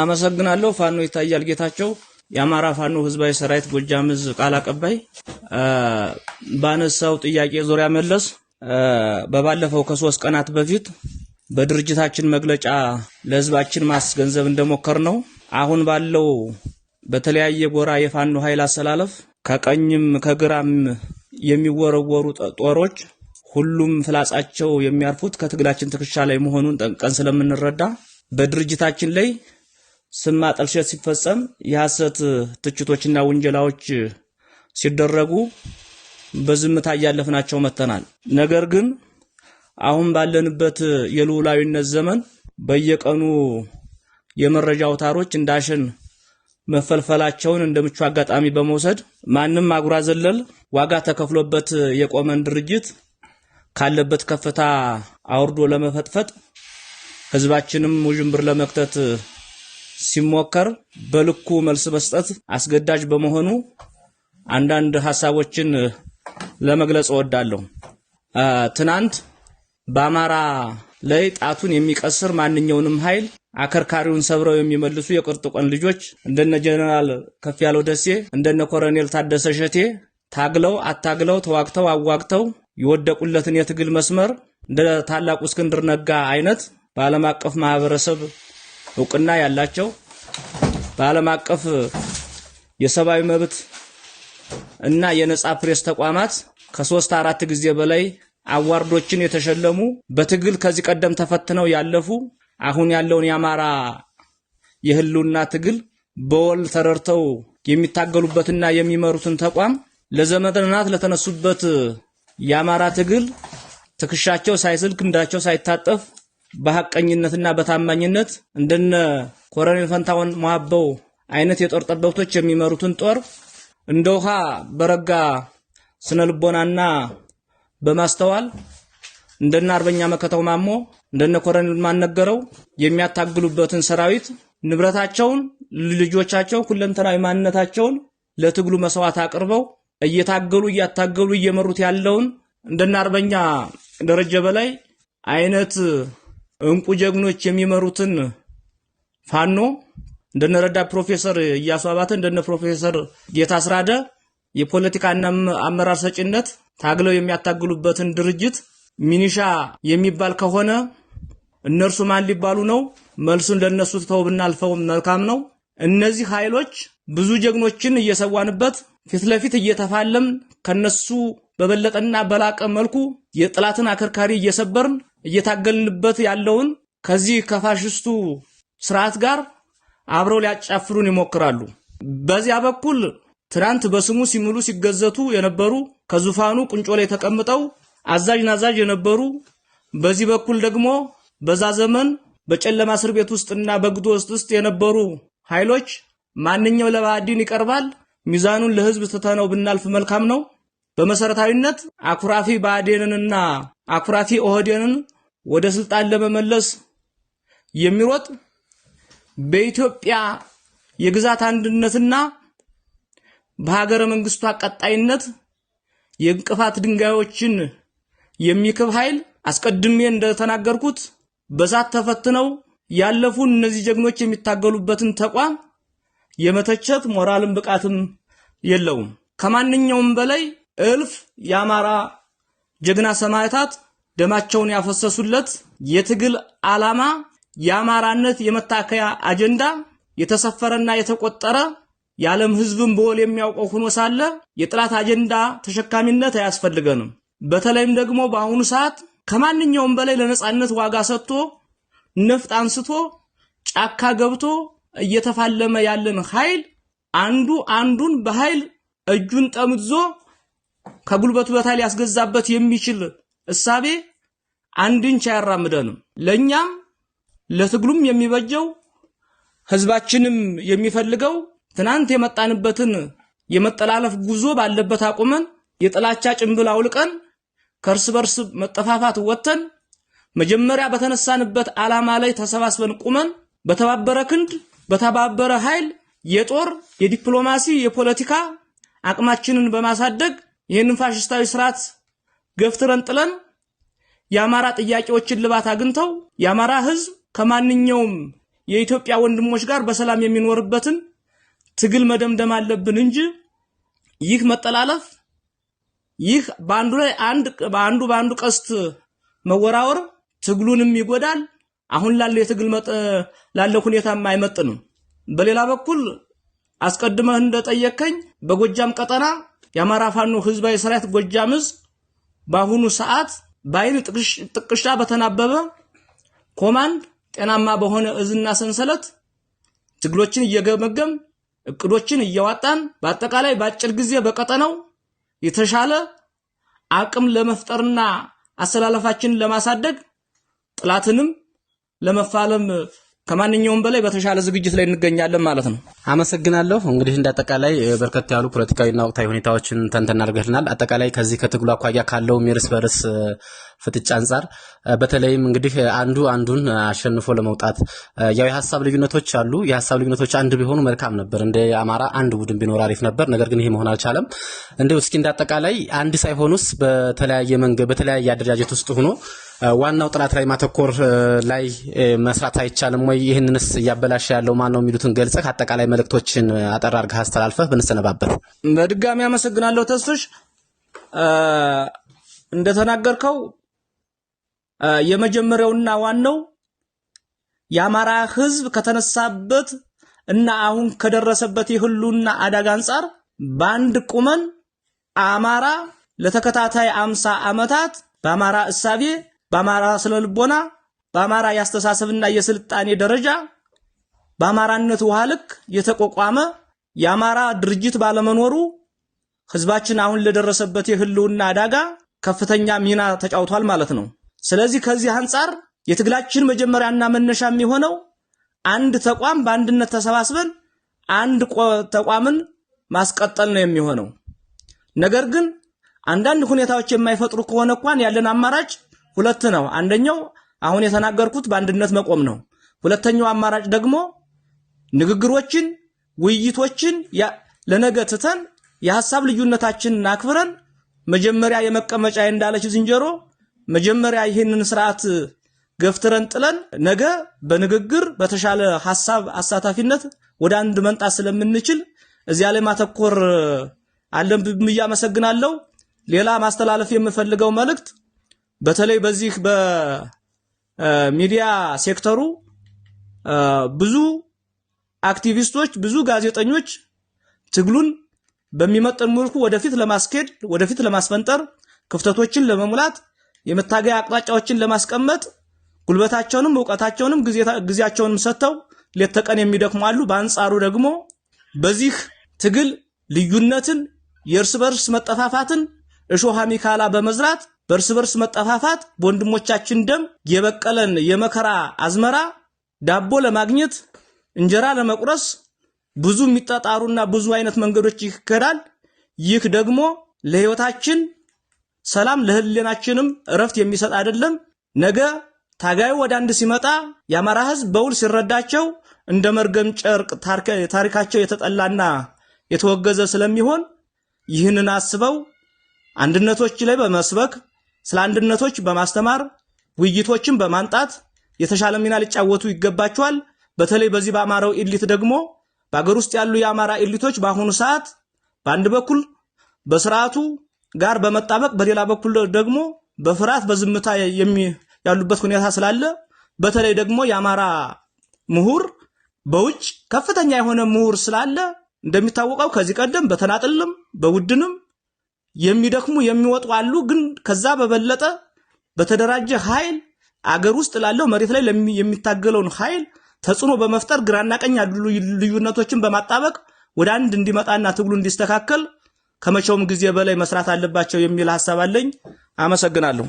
አመሰግናለሁ። ፋኖ ይታያል ጌታቸው የአማራ ፋኖ ህዝባዊ ሰራዊት ጎጃም ዕዝ ቃል አቀባይ ባነሳው ጥያቄ ዙሪያ መለስ በባለፈው ከሶስት ቀናት በፊት በድርጅታችን መግለጫ ለህዝባችን ማስገንዘብ እንደሞከር ነው። አሁን ባለው በተለያየ ጎራ የፋኖ ኃይል አሰላለፍ ከቀኝም ከግራም የሚወረወሩ ጦሮች ሁሉም ፍላጻቸው የሚያርፉት ከትግላችን ትከሻ ላይ መሆኑን ጠንቀን ስለምንረዳ በድርጅታችን ላይ ስም ማጠልሸት ሲፈጸም የሐሰት ትችቶችና ውንጀላዎች ሲደረጉ በዝምታ እያለፍናቸው መጥተናል። ነገር ግን አሁን ባለንበት የልዑላዊነት ዘመን በየቀኑ የመረጃ አውታሮች እንዳሸን መፈልፈላቸውን እንደ ምቹ አጋጣሚ በመውሰድ ማንም አጉራ ዘለል ዋጋ ተከፍሎበት የቆመን ድርጅት ካለበት ከፍታ አውርዶ ለመፈጥፈጥ ህዝባችንም ውዥንብር ለመክተት ሲሞከር በልኩ መልስ መስጠት አስገዳጅ በመሆኑ አንዳንድ ሀሳቦችን ለመግለጽ እወዳለሁ። ትናንት በአማራ ላይ ጣቱን የሚቀስር ማንኛውንም ኃይል አከርካሪውን ሰብረው የሚመልሱ የቅርጥቆን ልጆች እንደነ ጀነራል ከፍ ያለው ደሴ እንደነ ኮሎኔል ታደሰ ሸቴ ታግለው አታግለው ተዋግተው አዋግተው የወደቁለትን የትግል መስመር እንደ ታላቁ እስክንድር ነጋ አይነት በዓለም አቀፍ ማህበረሰብ እውቅና ያላቸው በዓለም አቀፍ የሰብአዊ መብት እና የነጻ ፕሬስ ተቋማት ከሶስት አራት ጊዜ በላይ አዋርዶችን የተሸለሙ በትግል ከዚህ ቀደም ተፈትነው ያለፉ አሁን ያለውን የአማራ የህልውና ትግል በወል ተረድተው የሚታገሉበትና የሚመሩትን ተቋም ለዘመናት ለተነሱበት የአማራ ትግል ትከሻቸው ሳይስል ክንዳቸው ሳይታጠፍ በሐቀኝነትና በታማኝነት እንደነ ኮሎኔል ፈንታውን መሀበው አይነት የጦር ጠበብቶች የሚመሩትን ጦር እንደ ውሃ በረጋ ስነ ልቦናና በማስተዋል እንደነ አርበኛ መከተው ማሞ እንደነ ኮሎኔል ማነገረው የሚያታግሉበትን ሰራዊት ንብረታቸውን፣ ልጆቻቸው፣ ሁለንተናዊ ማንነታቸውን ለትግሉ መስዋዕት አቅርበው እየታገሉ እያታገሉ እየመሩት ያለውን እንደነ አርበኛ ደረጀ በላይ አይነት እንቁ ጀግኖች የሚመሩትን ፋኖ እንደነረዳ ፕሮፌሰር እያሱ አባተ እንደነ ፕሮፌሰር ጌታ ስራደ የፖለቲካና አመራር ሰጪነት ታግለው የሚያታግሉበትን ድርጅት ሚኒሻ የሚባል ከሆነ እነርሱ ማን ሊባሉ ነው? መልሱን ለነሱ ትተው ብናልፈው መልካም ነው። እነዚህ ኃይሎች ብዙ ጀግኖችን እየሰዋንበት ፊት ለፊት እየተፋለም ከነሱ በበለጠና በላቀ መልኩ የጥላትን አከርካሪ እየሰበርን እየታገልንበት ያለውን ከዚህ ከፋሽስቱ ስርዓት ጋር አብረው ሊያጫፍሩን ይሞክራሉ። በዚያ በኩል ትናንት በስሙ ሲምሉ ሲገዘቱ የነበሩ ከዙፋኑ ቁንጮ ላይ ተቀምጠው አዛዥ ናዛዥ የነበሩ በዚህ በኩል ደግሞ በዛ ዘመን በጨለማ እስር ቤት ውስጥና በግዶ ውስጥ ውስጥ የነበሩ ኃይሎች ማንኛው ለባዕዲን ይቀርባል፣ ሚዛኑን ለህዝብ ትተነው ብናልፍ መልካም ነው በመሰረታዊነት አኩራፊ ብአዴንንና አኩራፊ ኦህዴንን ወደ ስልጣን ለመመለስ የሚሮጥ በኢትዮጵያ የግዛት አንድነትና በሀገረ መንግስቷ ቀጣይነት የእንቅፋት ድንጋዮችን የሚክብ ኃይል አስቀድሜ እንደተናገርኩት በሳት ተፈትነው ያለፉ እነዚህ ጀግኖች የሚታገሉበትን ተቋም የመተቸት ሞራልም ብቃትም የለውም። ከማንኛውም በላይ እልፍ የአማራ ጀግና ሰማዕታት ደማቸውን ያፈሰሱለት የትግል ዓላማ የአማራነት የመታከያ አጀንዳ የተሰፈረና የተቆጠረ የዓለም ህዝብን በወል የሚያውቀው ሆኖ ሳለ የጥላት አጀንዳ ተሸካሚነት አያስፈልገንም። በተለይም ደግሞ በአሁኑ ሰዓት ከማንኛውም በላይ ለነጻነት ዋጋ ሰጥቶ ነፍጥ አንስቶ ጫካ ገብቶ እየተፋለመ ያለን ኃይል አንዱ አንዱን በኃይል እጁን ጠምዞ ከጉልበቱ በታይ ሊያስገዛበት የሚችል እሳቤ አንድን እንች አያራምደንም። ለእኛም ለትግሉም የሚበጀው ህዝባችንም የሚፈልገው ትናንት የመጣንበትን የመጠላለፍ ጉዞ ባለበት አቁመን የጥላቻ ጭንብል አውልቀን ከእርስ በርስ መጠፋፋት ወጥተን መጀመሪያ በተነሳንበት ዓላማ ላይ ተሰባስበን ቁመን በተባበረ ክንድ በተባበረ ኃይል የጦር የዲፕሎማሲ የፖለቲካ አቅማችንን በማሳደግ ይህንን ፋሽስታዊ ስርዓት ገፍትረን ጥለን የአማራ ጥያቄዎችን ልባት አግኝተው የአማራ ህዝብ ከማንኛውም የኢትዮጵያ ወንድሞች ጋር በሰላም የሚኖርበትን ትግል መደምደም አለብን እንጂ ይህ መጠላለፍ ይህ በአንዱ ላይ አንድ በአንዱ በአንዱ ቀስት መወራወር ትግሉንም ይጎዳል። አሁን ላለው የትግል ላለው ሁኔታም አይመጥንም። በሌላ በኩል አስቀድመህ እንደጠየከኝ በጎጃም ቀጠና የአማራ ፋኖ ህዝባዊ ሰራዊት ጎጃም ዕዝ በአሁኑ ሰዓት በአይን ጥቅሻ በተናበበ ኮማንድ ጤናማ በሆነ እዝና ሰንሰለት ትግሎችን እየገመገም እቅዶችን እያዋጣን በአጠቃላይ በአጭር ጊዜ በቀጠነው የተሻለ አቅም ለመፍጠርና አሰላለፋችንን ለማሳደግ ጥላትንም ለመፋለም ከማንኛውም በላይ በተሻለ ዝግጅት ላይ እንገኛለን ማለት ነው። አመሰግናለሁ። እንግዲህ እንደ አጠቃላይ በርከት ያሉ ፖለቲካዊና ወቅታዊ ሁኔታዎችን ተንተን አድርገልናል። አጠቃላይ ከዚህ ከትግሉ አኳያ ካለው የእርስ በርስ ፍጥጫ አንጻር በተለይም እንግዲህ አንዱ አንዱን አሸንፎ ለመውጣት ያው የሀሳብ ልዩነቶች አሉ። የሀሳብ ልዩነቶች አንድ ቢሆኑ መልካም ነበር። እንደ አማራ አንድ ቡድን ቢኖር አሪፍ ነበር። ነገር ግን ይሄ መሆን አልቻለም። እንደው እስኪ እንደ አጠቃላይ አንድ ሳይሆኑስ በተለያየ መንገድ በተለያየ አደረጃጀት ውስጥ ሆኖ ዋናው ጥራት ላይ ማተኮር ላይ መስራት አይቻልም ወይ? ይህንንስ እያበላሸ ያለው ማን ነው የሚሉትን ገልጸህ አጠቃላይ መልእክቶችን አጠር አድርገህ አስተላልፈህ ብንሰነባበት። በድጋሚ አመሰግናለሁ። ተስሽ እንደተናገርከው የመጀመሪያውና ዋናው የአማራ ህዝብ ከተነሳበት እና አሁን ከደረሰበት የህሉና አደጋ አንጻር በአንድ ቁመን አማራ ለተከታታይ አምሳ ዓመታት በአማራ እሳቤ በአማራ ስነ ልቦና፣ በአማራ የአስተሳሰብና የስልጣኔ ደረጃ፣ በአማራነት ውሃ ልክ የተቋቋመ የአማራ ድርጅት ባለመኖሩ ህዝባችን አሁን ለደረሰበት የህልውና አደጋ ከፍተኛ ሚና ተጫውቷል ማለት ነው። ስለዚህ ከዚህ አንጻር የትግላችን መጀመሪያና መነሻ የሚሆነው አንድ ተቋም በአንድነት ተሰባስበን አንድ ተቋምን ማስቀጠል ነው የሚሆነው። ነገር ግን አንዳንድ ሁኔታዎች የማይፈጥሩ ከሆነ እንኳን ያለን አማራጭ ሁለት ነው። አንደኛው አሁን የተናገርኩት በአንድነት መቆም ነው። ሁለተኛው አማራጭ ደግሞ ንግግሮችን፣ ውይይቶችን ለነገ ትተን የሀሳብ ልዩነታችንን አክብረን መጀመሪያ የመቀመጫ እንዳለች ዝንጀሮ መጀመሪያ ይህንን ስርዓት ገፍትረን ጥለን ነገ በንግግር በተሻለ ሀሳብ አሳታፊነት ወደ አንድ መንጣት ስለምንችል እዚያ ላይ ማተኮር አለብን ብዬ አመሰግናለሁ። ሌላ ማስተላለፍ የምፈልገው መልእክት በተለይ በዚህ በሚዲያ ሴክተሩ ብዙ አክቲቪስቶች፣ ብዙ ጋዜጠኞች ትግሉን በሚመጠን መልኩ ወደፊት ለማስኬድ ወደፊት ለማስፈንጠር ክፍተቶችን ለመሙላት የመታገያ አቅጣጫዎችን ለማስቀመጥ ጉልበታቸውንም እውቀታቸውንም ጊዜያቸውንም ሰጥተው ሌት ተቀን የሚደክሙ አሉ። በአንጻሩ ደግሞ በዚህ ትግል ልዩነትን፣ የእርስ በርስ መጠፋፋትን እሾህ አሚካላ በመዝራት በእርስ በርስ መጠፋፋት በወንድሞቻችን ደም የበቀለን የመከራ አዝመራ ዳቦ ለማግኘት እንጀራ ለመቁረስ ብዙ የሚጣጣሩና ብዙ አይነት መንገዶች ይከዳል። ይህ ደግሞ ለህይወታችን ሰላም ለህሊናችንም እረፍት የሚሰጥ አይደለም። ነገ ታጋዩ ወደ አንድ ሲመጣ የአማራ ህዝብ በውል ሲረዳቸው እንደ መርገም ጨርቅ ታሪካቸው የተጠላና የተወገዘ ስለሚሆን ይህንን አስበው አንድነቶች ላይ በመስበክ ስለ አንድነቶች በማስተማር ውይይቶችን በማንጣት የተሻለ ሚና ሊጫወቱ ይገባቸዋል። በተለይ በዚህ በአማራው ኤሊት ደግሞ በአገር ውስጥ ያሉ የአማራ ኤሊቶች በአሁኑ ሰዓት በአንድ በኩል በስርዓቱ ጋር በመጣበቅ በሌላ በኩል ደግሞ በፍርሃት በዝምታ ያሉበት ሁኔታ ስላለ በተለይ ደግሞ የአማራ ምሁር በውጭ ከፍተኛ የሆነ ምሁር ስላለ እንደሚታወቀው ከዚህ ቀደም በተናጥልም በቡድንም የሚደክሙ የሚወጡ አሉ። ግን ከዛ በበለጠ በተደራጀ ኃይል አገር ውስጥ ላለው መሬት ላይ የሚታገለውን ኃይል ተጽዕኖ በመፍጠር ግራና ቀኝ ያሉ ልዩነቶችን በማጣበቅ ወደ አንድ እንዲመጣና ትግሉ እንዲስተካከል ከመቼውም ጊዜ በላይ መስራት አለባቸው የሚል ሀሳብ አለኝ። አመሰግናለሁ።